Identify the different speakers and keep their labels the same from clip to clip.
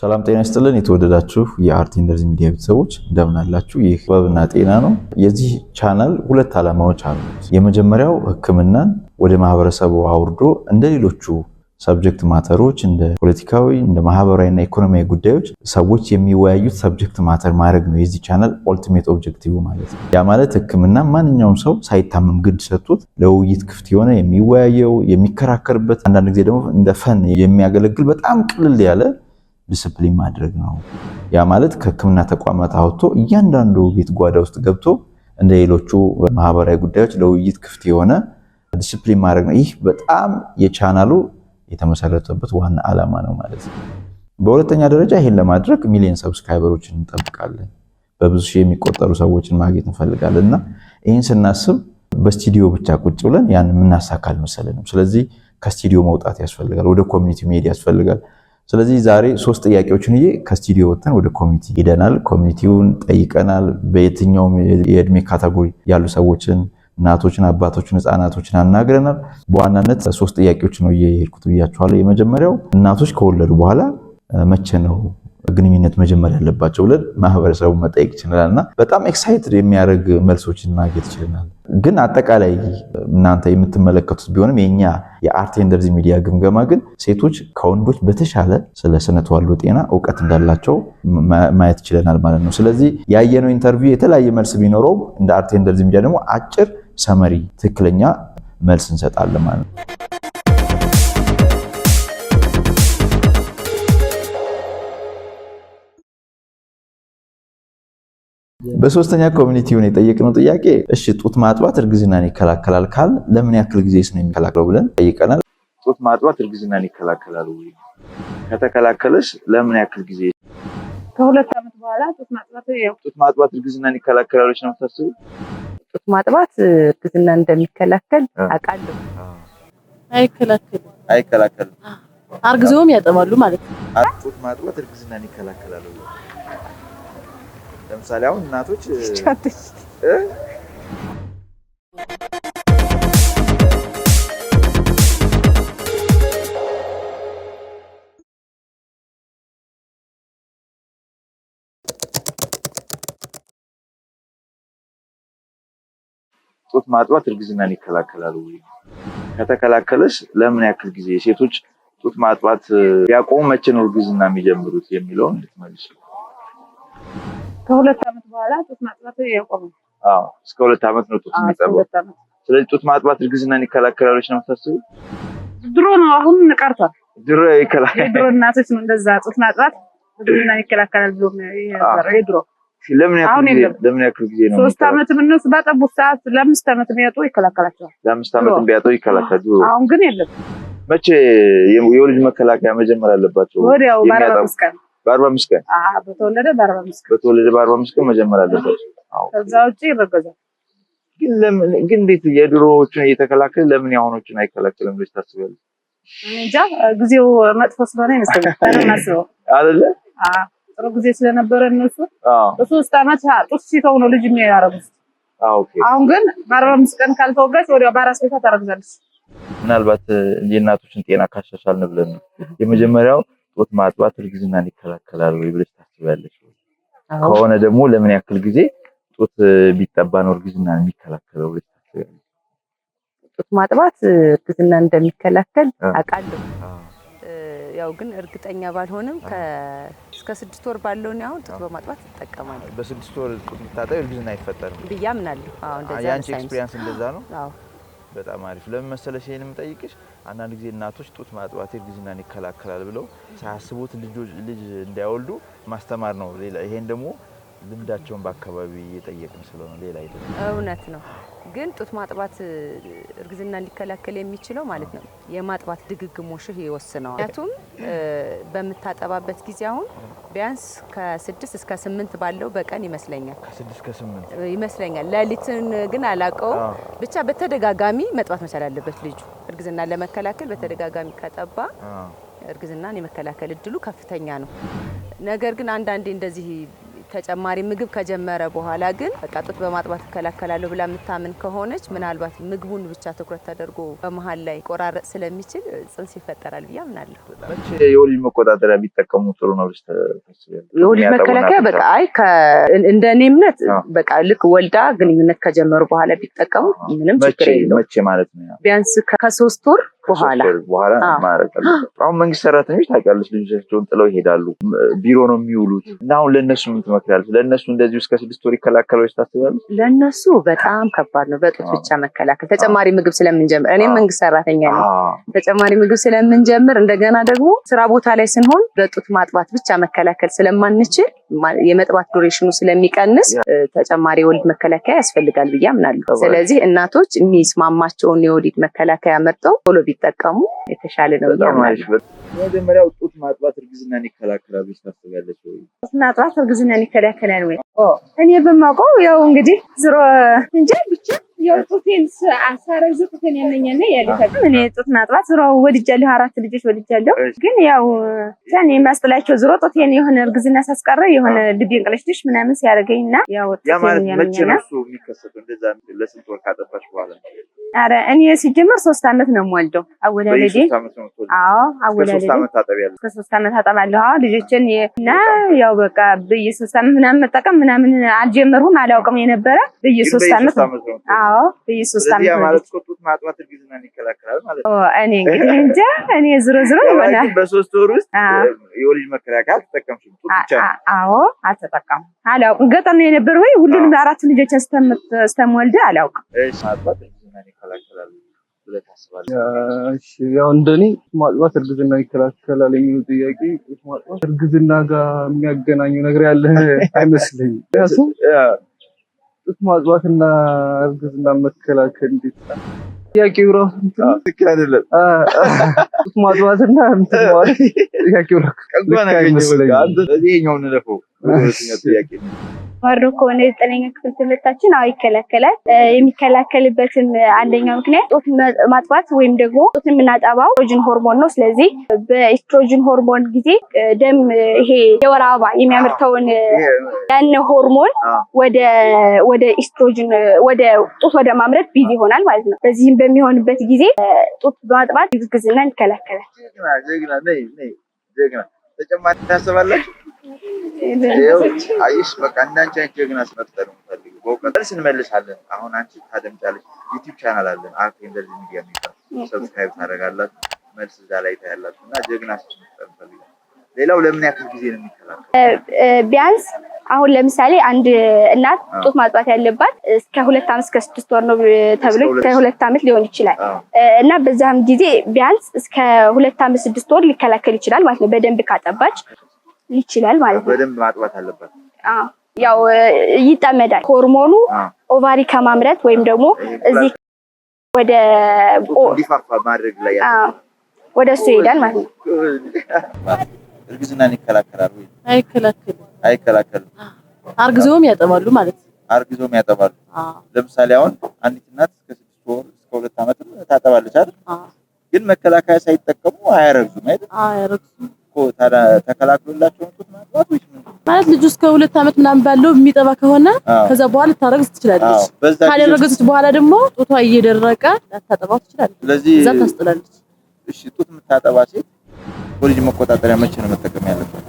Speaker 1: ሰላም ጤና ይስጥልን። የተወደዳችሁ የአርት ኢንደርዚ ሚዲያ ቤተሰቦች እንደምን አላችሁ? ይህ ጥበብና ጤና ነው። የዚህ ቻናል ሁለት ዓላማዎች አሉ። የመጀመሪያው ሕክምናን ወደ ማህበረሰቡ አውርዶ እንደ ሌሎቹ ሰብጀክት ማተሮች እንደ ፖለቲካዊ፣ እንደ ማህበራዊና ኢኮኖሚያዊ ጉዳዮች ሰዎች የሚወያዩት ሰብጀክት ማተር ማድረግ ነው የዚህ ቻናል ኦልቲሜት ኦብጀክቲቭ ማለት ነው። ያ ማለት ህክምና ማንኛውም ሰው ሳይታመም ግድ ሰጥቶት ለውይይት ክፍት የሆነ የሚወያየው የሚከራከርበት፣ አንዳንድ ጊዜ ደግሞ እንደ ፈን የሚያገለግል በጣም ቅልል ያለ ዲስፕሊን ማድረግ ነው። ያ ማለት ከህክምና ተቋማት አውጥቶ እያንዳንዱ ቤት ጓዳ ውስጥ ገብቶ እንደ ሌሎቹ ማህበራዊ ጉዳዮች ለውይይት ክፍት የሆነ ዲስፕሊን ማድረግ ነው። ይህ በጣም የቻናሉ የተመሰረተበት ዋና ዓላማ ነው ማለት ነው። በሁለተኛ ደረጃ ይህን ለማድረግ ሚሊዮን ሰብስክራይበሮችን እንጠብቃለን። በብዙ ሺህ የሚቆጠሩ ሰዎችን ማግኘት እንፈልጋለን እና ይህን ስናስብ በስቱዲዮ ብቻ ቁጭ ብለን ያን የምናሳካ አልመሰለንም። ስለዚህ ከስቱዲዮ መውጣት ያስፈልጋል፣ ወደ ኮሚኒቲ መሄድ ያስፈልጋል። ስለዚህ ዛሬ ሶስት ጥያቄዎችን ይዤ ከስቱዲዮ ወጥተን ወደ ኮሚኒቲ ሄደናል። ኮሚኒቲውን ጠይቀናል። በየትኛውም የእድሜ ካታጎሪ ያሉ ሰዎችን እናቶችን፣ አባቶችን፣ ህፃናቶችን አናግረናል። በዋናነት ሶስት ጥያቄዎች ነው የሄድኩት ብያቸኋለሁ። የመጀመሪያው እናቶች ከወለዱ በኋላ መቼ ነው ግንኙነት መጀመር ያለባቸው ብለን ማህበረሰቡ መጠየቅ ይችላል እና በጣም ኤክሳይትድ የሚያደርግ መልሶችን ማግኘት ይችልናል። ግን አጠቃላይ እናንተ የምትመለከቱት ቢሆንም የኛ የአርቴንደርዝ ሚዲያ ግምገማ ግን ሴቶች ከወንዶች በተሻለ ስለ ስነ ተዋልዶ ጤና እውቀት እንዳላቸው ማየት ይችለናል ማለት ነው። ስለዚህ ያየነው ኢንተርቪው የተለያየ መልስ ቢኖረውም እንደ አርቴንደርዝ ሚዲያ ደግሞ አጭር ሰመሪ ትክክለኛ መልስ እንሰጣለን ማለት ነው። በሶስተኛ ኮሚኒቲ ኮሚኒቲውን የጠየቅነው ጥያቄ እሺ ጡት ማጥባት እርግዝናን ይከላከላል ካል ለምን ያክል ጊዜ ነው የሚከላከለው ብለን ጠይቀናል።
Speaker 2: ጡት ማጥባት እርግዝናን ይከላከላል ወይ? ከተከላከለስ ለምን ያክል ጊዜ?
Speaker 3: ከሁለት ዓመት በኋላ ጡት ማጥባት ጡት
Speaker 2: ማጥባት እርግዝናን ይከላከላሎች ነው የምታስቡ?
Speaker 4: ጡት ማጥባት እርግዝናን እንደሚከላከል አውቃለሁ።
Speaker 5: አይከላከልም። አይከላከልም። አርግዘውም ያጠባሉ ማለት ነው።
Speaker 2: ጡት ማጥባት እርግዝናን ይከላከላል ለምሳሌ አሁን እናቶች ጡት ማጥባት እርግዝናን ይከላከላል ወይ? ከተከላከለስ ለምን ያክል ጊዜ? ሴቶች ጡት ማጥባት ያቆሙ መቼ ነው እርግዝና የሚጀምሩት የሚለውን ልትመልስ
Speaker 3: ከሁለት ዓመት በኋላ ጡት ማጥባት ያቆማል።
Speaker 2: አዎ እስከ ሁለት ዓመት ነው ጡት የሚጠባው። ስለዚህ ጡት ማጥባት እርግዝናን ይከላከላሎች ነው የምታስበው?
Speaker 3: ድሮ ነው አሁን ቀርቷል።
Speaker 2: ድሮ ይከላከላል።
Speaker 3: ድሮ እናቶች ነው እንደዛ ጡት ማጥባት እርግዝናን ይከላከላል ብሎ የድሮ
Speaker 2: ለምን ያክል ጊዜ ነው?
Speaker 3: ሶስት ዓመት እነሱ ባጠቡት ሰዓት ለአምስት ዓመት ቢያጡ ይከላከላቸዋል።
Speaker 2: ለአምስት ዓመት ቢያጡ ይከላከላል። አሁን ግን የለም። መቼ የወሊድ መከላከያ መጀመር አለባቸው?
Speaker 3: ወዲያው ባለ አምስት ቀን
Speaker 2: በአርባ አምስት ቀን በተወለደ በአርባ አምስት ቀን መጀመር አለበት።
Speaker 3: ከዛ ውጭ ይረገዛል።
Speaker 2: ግን እንዴት የድሮዎቹን እየተከላከለ ለምን የአሁኖቹን አይከላከልም ብለሽ ታስቢያለሽ?
Speaker 3: እንጃ ጊዜው መጥፎ ስለሆነ ይመስለኛል አይደለ? ጥሩ ጊዜ ስለነበረ እነሱ በሶስት ዓመት ጡት ሲተው ነው ልጅ የሚያረጉት። አሁን ግን በአርባ አምስት ቀን ካልተወጋች ወዲያው በአራስ ቤቷ ታረግዛለች።
Speaker 2: ምናልባት የእናቶችን ጤና ካሻሻልን ብለን ነው የመጀመሪያው ጡት ማጥባት እርግዝናን ይከላከላል ወይ ብለሽ ታስቢያለሽ? ከሆነ ደግሞ ለምን ያክል ጊዜ ጡት ቢጠባ ነው እርግዝናን የሚከላከለው ብለሽ ታስቢያለሽ?
Speaker 4: ጡት ማጥባት እርግዝናን እንደሚከላከል አውቃለሁ።
Speaker 6: ያው ግን እርግጠኛ ባልሆንም እስከ ስድስት ወር ባለው ነው አሁን ጡት በማጥባት ትጠቀማለህ።
Speaker 2: በስድስት ወር ጡት ብታጠቢ እርግዝና አይፈጠርም
Speaker 6: ብዬ አምናለሁ። አዎ፣ እንደዛ ነው። ያንቺ
Speaker 2: ኤክስፒሪያንስ እንደዛ ነው። በጣም አሪፍ። ለምን መሰለሽ ይሄን የምጠይቅሽ አንዳንድ ጊዜ እናቶች ጡት ማጥባት እርግዝናን ይከላከላል ብለው ሳያስቡት ልጅ እንዳይወልዱ ማስተማር ነው። ሌላ ይሄን ደግሞ ልምዳቸውን በአካባቢ እየጠየቅን ስለሆነ ሌላ አይደለም።
Speaker 6: እውነት ነው። ግን ጡት ማጥባት እርግዝና ሊከላከል የሚችለው ማለት ነው የማጥባት ድግግሞሽህ ይወስነዋል። ምክንያቱም በምታጠባበት ጊዜ አሁን ቢያንስ ከስድስት እስከ ስምንት ባለው በቀን ይመስለኛል ይመስለኛል። ሌሊትን ግን አላቀው ብቻ በተደጋጋሚ መጥባት መቻል አለበት ልጁ እርግዝና ለመከላከል በተደጋጋሚ ከጠባ እርግዝናን የመከላከል እድሉ ከፍተኛ ነው። ነገር ግን አንዳንዴ እንደዚህ ተጨማሪ ምግብ ከጀመረ በኋላ ግን በቃ ጡት በማጥባት እከላከላለሁ ብላ የምታምን ከሆነች ምናልባት ምግቡን ብቻ ትኩረት ተደርጎ በመሀል ላይ ቆራረጥ ስለሚችል ጽንስ ይፈጠራል ብዬ አምናለሁ።
Speaker 2: የወሊድ መቆጣጠሪያ ቢጠቀሙ ጥሩ ነው።
Speaker 6: የወሊድ መከላከያ በቃ አይ እንደ እኔ እምነት በቃ ልክ ወልዳ ግንኙነት ከጀመሩ በኋላ ቢጠቀሙ ምንም ችግር የለውም። ቢያንስ ከሶስት ወር በኋላ
Speaker 2: በኋላ ማድረግ አሁን መንግስት ሰራተኞች ታውቂያለሽ ልጆቻቸውን ጥለው ይሄዳሉ። ቢሮ ነው የሚውሉት እና አሁን ለእነሱ ምን ትመክሪያለሽ? ለእነሱ እንደዚህ እስከ ስድስት ወር ይከላከላሉ ታስባለች?
Speaker 6: ለእነሱ በጣም ከባድ ነው። በጡት ብቻ መከላከል ተጨማሪ ምግብ ስለምንጀምር እኔም መንግስት ሰራተኛ ነው። ተጨማሪ ምግብ ስለምንጀምር እንደገና ደግሞ ስራ ቦታ ላይ ስንሆን በጡት ማጥባት ብቻ መከላከል ስለማንችል የመጥባት ዱሬሽኑ ስለሚቀንስ ተጨማሪ የወሊድ መከላከያ ያስፈልጋል ብዬ አምናለሁ። ስለዚህ እናቶች የሚስማማቸውን የወሊድ መከላከያ መርጠው ቶሎ ቢጠቀሙ የተሻለ ነው።
Speaker 2: መጀመሪያ ጡት ማጥባት እርግዝናን ይከላከላል ብለሽ ታስቢያለሽ ወይ?
Speaker 3: ጡት ማጥባት እርግዝናን ይከላከላል ወይ? እኔ በማውቀው ያው እንግዲህ ዝሮ እንጂ ብቻ የጡቴንስ አሳረዙ ጡቴን ያመኛና ያለፈ እኔ ጡት ማጥባት ዝሮ ወድጃለሁ። አራት ልጆች ወድጃለሁ። ግን ያው ዛን የማስጥላቸው ዝሮ ጡቴን የሆነ እርግዝና ሳስቀረ የሆነ ልቤ እንቅለሽልሽ ምናምን ሲያደርገኝና
Speaker 2: ያው ለስንት ወር ካጠባሽ በኋላ
Speaker 3: አረ እኔ ሲጀመር ሶስት አመት ነው የምወልደው። አወላለዴ አዎ አወላለዴ ከሶስት አመት አጠባለሁ ልጆችን እና ያው በቃ በየ ሶስት አመት ምናምን መጠቀም ምናምን አልጀመርሁም አላውቅም የነበረ በየ አመት አዎ በየ
Speaker 2: አመት ማለት ነው።
Speaker 3: እኔ እንግዲህ እንጃ እኔ ዝሮ ዝሮ
Speaker 2: ይሆናል። በሶስት ወር ውስጥ የወሊድ መከላከያ አልተጠቀምሽም?
Speaker 3: አዎ አላውቅም ገጠር ነው ወይ ሁሉንም አራት ልጆች እስከምወልድ አላውቅም።
Speaker 2: እሺ ማጥባት እርግዝናን ይከላከላል ብለህ
Speaker 7: ታስባለህ? ያው እንደኔ ጡት ማጥባት እርግዝና ይከላከላል የሚሉ ጥያቄ ጡት ማጥባት እርግዝና ጋር የሚያገናኙ ነገር ያለ አይመስለኝም። ምክንያቱም ጡት ማጥባትና እርግዝና መከላከል እንዴት ጥያቄው ራሱ ልክ አይደለም። ጡት ማጥባትና እንትን ማለት ጥያቄው ራሱ
Speaker 2: ልክ አይመስለኝም። ይሄኛውን እንለፈው ጥያቄ
Speaker 8: ከሆነ ዘጠነኛ ክፍል ትምህርታችን አዎ ይከላከላል። የሚከላከልበትም አንደኛው ምክንያት ጡት ማጥባት ወይም ደግሞ ጡት የምናጠባው ኤስትሮጅን ሆርሞን ነው። ስለዚህ በኤስትሮጅን ሆርሞን ጊዜ ደም ይሄ የወር አበባ የሚያመርተውን ያን ሆርሞን ወደ ኤስትሮጅን ወደ ጡት ወደ ማምረት ቢዚ ይሆናል ማለት ነው። በዚህም በሚሆንበት ጊዜ ጡት ማጥባት ግዝግዝና ይከላከላል።
Speaker 2: ተጨማሪ ታስባላችሁ? አየሽ፣ በቃ እንዳንቺ አይነት ጀግና አስመፍጠር የምፈልገው አሁን አንቺ ታደምጫለሽ። ዩቲዩብ ቻናል አለን ኢንደርዚ ሚዲያ የሚባል ሰብስክራይብ ታደርጋላችሁ። መልስ እዛ ላይ ታያላችሁ። እና ጀግና ሌላው ለምን ያክል ጊዜ ነው የሚከላከል?
Speaker 8: ቢያንስ አሁን ለምሳሌ አንድ እናት ጡት ማጥባት ያለባት እስከ ሁለት ዓመት እስከ ስድስት ወር ነው ተብሎ ከሁለት ዓመት ሊሆን ይችላል እና በዛም ጊዜ ቢያንስ እስከ ሁለት ዓመት ስድስት ወር ሊከላከል ይችላል ማለት ነው በደንብ ካጠባች። ይችላል ማለት ነው።
Speaker 2: በደንብ ማጥባት አለበት።
Speaker 8: አዎ ያው ይጠመዳል። ሆርሞኑ ኦቫሪ ከማምረት ወይም ደግሞ እዚህ ወደ ማድረግ ላይ ወደ እሱ ይሄዳል ማለት ነው።
Speaker 2: እርግዝናን ይከላከላል ወይ?
Speaker 5: አይከላከልም።
Speaker 2: አይከላከልም።
Speaker 5: አርግዞም ያጠባሉ ማለት ነው።
Speaker 2: አርግዞም ያጠባሉ። ለምሳሌ አሁን አንዲት እናት እስከ ስድስት ወር እስከ ሁለት ዓመትም ታጠባለች አይደል? ግን መከላከያ ሳይጠቀሙ አያረግዙም አይደል? አያረግዙም ተከላክሎላቸው
Speaker 5: ማለት ልጁ እስከ ሁለት ዓመት ምናምን ባለው የሚጠባ ከሆነ ከዛ በኋላ ልታረግዝ ትችላለች። ካደረገች በኋላ ደግሞ ጡቷ እየደረቀ ላታጠባው ትችላለች። ስለዚህ
Speaker 2: እዛ ታስጥላለች። እሺ፣ ጡት የምታጠባ ሴት የወሊድ መቆጣጠሪያ መቼ ነው መጠቀም ያለበት?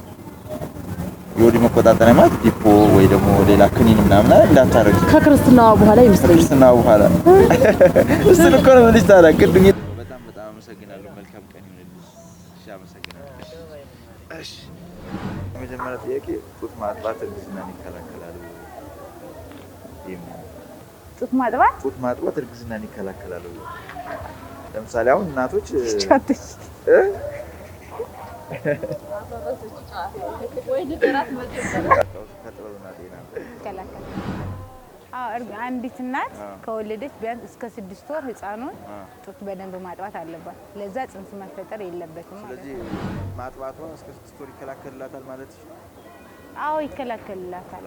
Speaker 2: የወሊድ መቆጣጠሪያ ማለት ዲፖ ወይ ደግሞ ሌላ ክኒን ምናምን እንዳታረግ
Speaker 5: ከክርስትናዋ በኋላ ይመስለኛል።
Speaker 2: ከክርስትናዋ በኋላ እሱን እኮ ነው ልጅ ታዲያ ቅድም ያለው መልካም ቀን ይሆንልሽ። እሺ፣ አመሰግናለሁ። እሺ፣ የመጀመሪያ ጥያቄ ጡት ማጥባት እርግዝናን ይከላከላል
Speaker 5: ጡት ማጥባት ጡት
Speaker 2: ማጥባት እርግዝናን ይከላከላል። ለምሳሌ አሁን እናቶች
Speaker 6: ከጥበብና ጤና አንዲት እናት ከወለደች ቢያንስ እስከ ስድስት ወር ህፃኑን ጡት በደንብ ማጥባት አለባት። ለዛ ጽንስ መፈጠር የለበትም።
Speaker 2: ስለዚህ ማጥባቷ እስከ ስድስት ወር ይከላከልላታል ማለት ይችላል።
Speaker 6: አዎ ይከላከልላታል።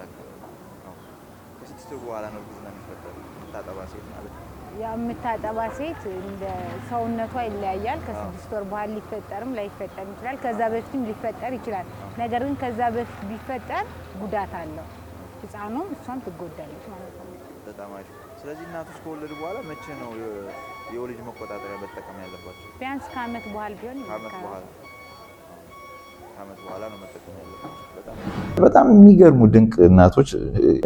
Speaker 2: ከስድስት ወር በኋላ ነው እርግዝና የሚፈጠረው የምታጠባ ሴት ማለት ነው።
Speaker 6: ያው የምታጠባ ሴት እንደ ሰውነቷ ይለያያል። ከስድስት ወር በኋላ ሊፈጠርም ላይፈጠርም ይችላል። ከዛ በፊትም ሊፈጠር ይችላል። ነገር ግን ከዛ በፊት ቢፈጠር ጉዳት አለው። ህፃኑም እሷም ትጎዳለች ማለት ነው።
Speaker 2: በጣም አሪፍ። ስለዚህ እናቶች ከወለዱ በኋላ መቼ ነው የወሊድ መቆጣጠሪያ መጠቀም ያለባቸው?
Speaker 6: ቢያንስ ከአመት በኋላ ቢሆን
Speaker 2: ዓመት በኋላ ነው መጠቀም ያለባቸው። በጣም የሚገርሙ ድንቅ እናቶች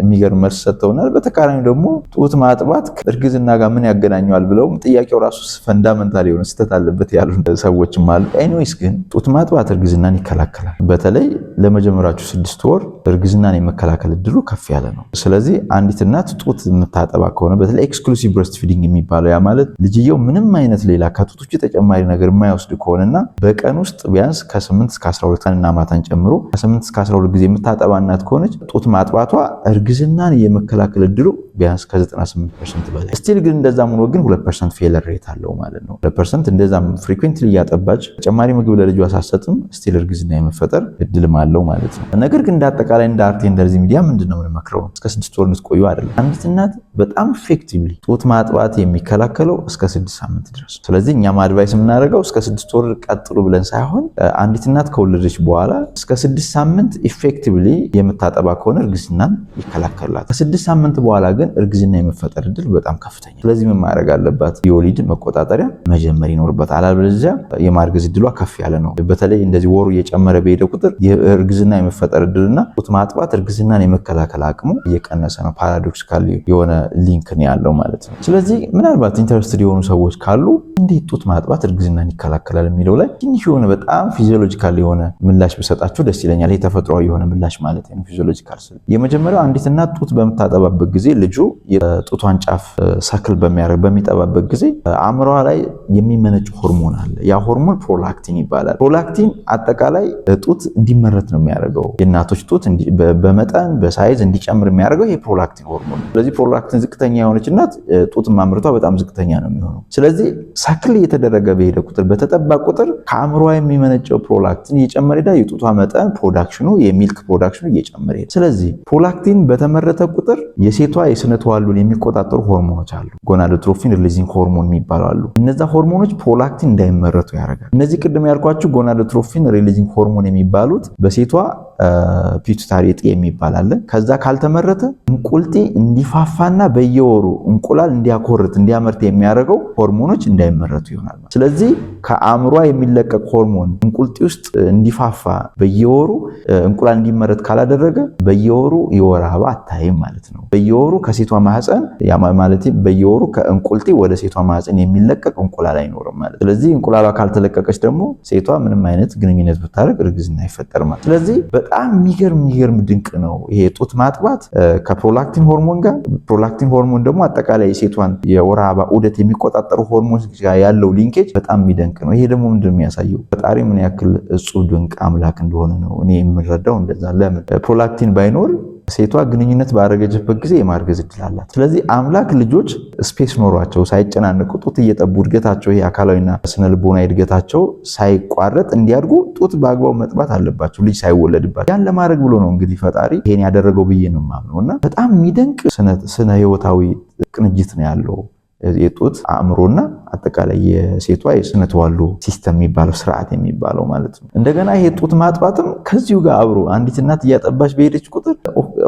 Speaker 2: የሚገርም መልስ ሰጥተውናል። በተቃራኒ ደግሞ ጡት ማጥባት እርግዝና ጋር ምን ያገናኘዋል ብለውም ጥያቄው ራሱ ፈንዳመንታል የሆነ ስህተት አለበት ያሉ ሰዎችም አሉ። ኤኒዌይስ ግን ጡት ማጥባት እርግዝናን ይከላከላል። በተለይ ለመጀመሪያቸው ስድስት ወር እርግዝናን የመከላከል እድሉ ከፍ ያለ ነው። ስለዚህ አንዲት እናት ጡት የምታጠባ ከሆነ በተለይ ኤክስክሉሲቭ ብረስት ፊዲንግ የሚባለው ያ ማለት ልጅየው ምንም አይነት ሌላ ከጡት ውጭ ተጨማሪ ነገር የማይወስድ ከሆነና በቀን ውስጥ ቢያንስ ከ8 እስከ 12 ቀንና ማታን ጨምሮ ከ8 እስከ 12 ጊዜ የምታጠባ እናት ከሆነች ጡት ማጥባቷ እርግዝናን የመከላከል እድሉ ቢያንስ ከ98 ፐርሰንት በላይ ስቲል ግን እንደዛ ሆኖ ግን 2 ፐርሰንት ፌለር ሬት አለው ማለት ነው። 2 ፐርሰንት እንደዛም ፍሪኩዌንትሊ እያጠባች ተጨማሪ ምግብ ለልጁ አሳሰጥም ስቲል እርግዝና የመፈጠር እድልም አለው ማለት ነው። ነገር ግን እንደ አጠቃላይ እንደ አርቴ እንደዚህ ሚዲያ ምንድን ነው የምንመክረው እስከ ስድስት ወር እንድትቆዩ አይደለም። አንዲት እናት በጣም ኢፌክቲቭሊ ጡት ማጥባት የሚከላከለው እስከ ስድስት ሳምንት ድረስ። ስለዚህ እኛም አድቫይስ የምናደርገው እስከ ስድስት ወር ቀጥሉ ብለን ሳይሆን አንዲት እናት ከወለደ ከወለደች በኋላ እስከ ስድስት ሳምንት ኢፌክቲቭሊ የምታጠባ ከሆነ እርግዝናን ይከላከላል። ከስድስት ሳምንት በኋላ ግን እርግዝና የመፈጠር እድል በጣም ከፍተኛ። ስለዚህ ምን ማድረግ አለባት? የወሊድ መቆጣጠሪያ መጀመር ይኖርበታል። አለበለዚያ የማርገዝ እድሏ ከፍ ያለ ነው። በተለይ እንደዚህ ወሩ እየጨመረ በሄደ ቁጥር እርግዝና የመፈጠር እድልና ጡት ማጥባት እርግዝናን የመከላከል አቅሙ እየቀነሰ ነው። ፓራዶክሲካል የሆነ ሊንክ ነው ያለው ማለት ነው። ስለዚህ ምናልባት ኢንተረስትድ የሆኑ ሰዎች ካሉ እንዴት ጡት ማጥባት እርግዝናን ይከላከላል የሚለው ላይ ትንሽ የሆነ በጣም ፊዚዮሎጂካል የሆነ ምላሽ ብሰጣችሁ ደስ ይለኛል። የተፈጥሯዊ የሆነ ምላሽ ማለት ነው፣ ፊዚዮሎጂካል ስል። የመጀመሪያው አንዲት እናት ጡት በምታጠባበት ጊዜ ልጁ የጡቷን ጫፍ ሳክል በሚያደርግ በሚጠባበት ጊዜ አእምሯ ላይ የሚመነጭ ሆርሞን አለ። ያ ሆርሞን ፕሮላክቲን ይባላል። ፕሮላክቲን አጠቃላይ ጡት እንዲመረት ነው የሚያደርገው። የእናቶች ጡት በመጠን በሳይዝ እንዲጨምር የሚያደርገው ይሄ ፕሮላክቲን ሆርሞን ነው። ስለዚህ ፕሮላክቲን ዝቅተኛ የሆነች እናት ጡት ማምርቷ በጣም ዝቅተኛ ነው የሚሆነው። ስለዚህ ሳክል እየተደረገ በሄደ ቁጥር፣ በተጠባ ቁጥር ከአእምሯ የሚመነጨው ፕሮላክቲን እየጨመረ ሄዳ የጡቷ መጠን ፕሮዳክሽኑ የሚልክ ፕሮዳክሽኑ እየጨመረ ሄዳ። ስለዚህ ፕሮላክቲን በተመረተ ቁጥር የሴቷ የስነ ተዋልዶን የሚቆጣጠሩ ሆርሞኖች አሉ። ጎናዶትሮፊን ሪሊዚንግ ሆርሞን የሚባሉ አሉ። እነዛ ሆርሞኖች ፕሮላክቲን እንዳይመረቱ ያደርጋል። እነዚህ ቅድም ያልኳችሁ ጎናዶትሮፊን ሪሊዚንግ ሆርሞን የሚባሉት በሴቷ ፒቱታሪ እጢ የሚባል አለ። ከዛ ካልተመረተ እንቁልጤ እንዲፋፋና በየወሩ እንቁላል እንዲያኮርት እንዲያመርት የሚያደርገው ሆርሞኖች እንዳይመረቱ ይሆናል። ስለዚህ ከአእምሯ የሚለቀቅ ሆርሞን እንቁልጤ ውስጥ እንዲፋፋ በየወሩ እንቁላል እንዲመረት ካላደረገ በየወሩ የወር አበባ አታይም ማለት ነው። በየወሩ ከሴቷ ማህፀን ማለት በየወሩ ከእንቁልጤ ወደ ሴቷ ማህፀን የሚለቀቅ እንቁላል አይኖርም ማለት። ስለዚህ እንቁላሏ ካልተለቀቀች ደግሞ ሴቷ ምንም አይነት ግንኙነት ብታደርግ እርግዝና አይፈጠርም ማለት ስለዚህ በጣም የሚገርም የሚገርም ድንቅ ነው ይሄ ጡት ማጥባት ከፕሮላክቲን ሆርሞን ጋር ፕሮላክቲን ሆርሞን ደግሞ አጠቃላይ የሴቷን የወር አበባ ዑደት የሚቆጣጠሩ ሆርሞን ጋር ያለው ሊንኬጅ በጣም የሚደንቅ ነው። ይሄ ደግሞ ምንድን የሚያሳየው ፈጣሪ ምን ያክል እጹብ ድንቅ አምላክ እንደሆነ ነው እኔ የምረዳው እንደዛ። ለምን ፕሮላክቲን ባይኖር ሴቷ ግንኙነት ባደረገችበት ጊዜ የማርገዝ እድል አላት። ስለዚህ አምላክ ልጆች ስፔስ ኖሯቸው ሳይጨናነቁ ጡት እየጠቡ እድገታቸው ይሄ አካላዊና ስነልቦና እድገታቸው ሳይቋረጥ እንዲያድጉ ጡት በአግባቡ መጥባት አለባቸው፣ ልጅ ሳይወለድባቸው። ያን ለማድረግ ብሎ ነው እንግዲህ ፈጣሪ ይሄን ያደረገው ብዬ ነው የማምነው እና በጣም የሚደንቅ ስነ ህይወታዊ ቅንጅት ነው ያለው። የጡት አእምሮና አጠቃላይ የሴቷ የስነ ተዋልዶ ሲስተም የሚባለው ስርዓት የሚባለው ማለት ነው። እንደገና ይሄ ጡት ማጥባትም ከዚሁ ጋር አብሮ አንዲት እናት እያጠባች በሄደች ቁጥር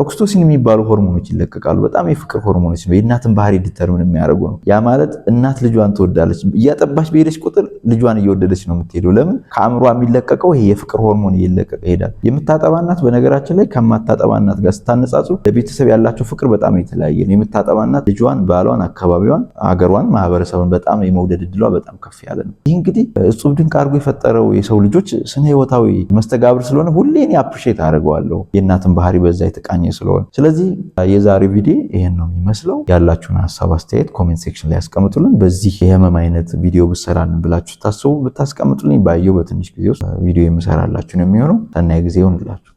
Speaker 2: ኦክስቶሲን የሚባሉ ሆርሞኖች ይለቀቃሉ። በጣም የፍቅር ሆርሞኖች ነው። የእናትን ባህሪ ዲተርምን የሚያደርጉ ነው። ያ ማለት እናት ልጇን ትወዳለች። እያጠባች በሄደች ቁጥር ልጇን እየወደደች ነው የምትሄደው። ለምን? ከአእምሯ የሚለቀቀው ይሄ የፍቅር ሆርሞን እየለቀቀ ይሄዳል። የምታጠባ እናት በነገራችን ላይ ከማታጠባ እናት ጋር ስታነጻጹ ለቤተሰብ ያላቸው ፍቅር በጣም የተለያየ ነው። የምታጠባ እናት ልጇን፣ ባሏን፣ አካባቢዋን ሀገሯን ማህበረሰቡን በጣም የመውደድ እድሏ በጣም ከፍ ያለ ነው። ይህ እንግዲህ እጹብ ድንቅ አድርጎ የፈጠረው የሰው ልጆች ስነ ህይወታዊ መስተጋብር ስለሆነ ሁሌ እኔ አፕሪሼት አድርገዋለሁ የእናትን ባህሪ በዛ የተቃኘ ስለሆነ። ስለዚህ የዛሬ ቪዲዮ ይህን ነው የሚመስለው። ያላችሁን ሀሳብ አስተያየት ኮሜንት ሴክሽን ላይ ያስቀምጡልን። በዚህ የህመም አይነት ቪዲዮ ብሰራን ብላችሁ ታስቡ ብታስቀምጡልኝ ባየው በትንሽ ጊዜ ውስጥ ቪዲዮ የምሰራላችሁ ነው የሚሆነው። ሰናይ ጊዜ ይሆንላችሁ።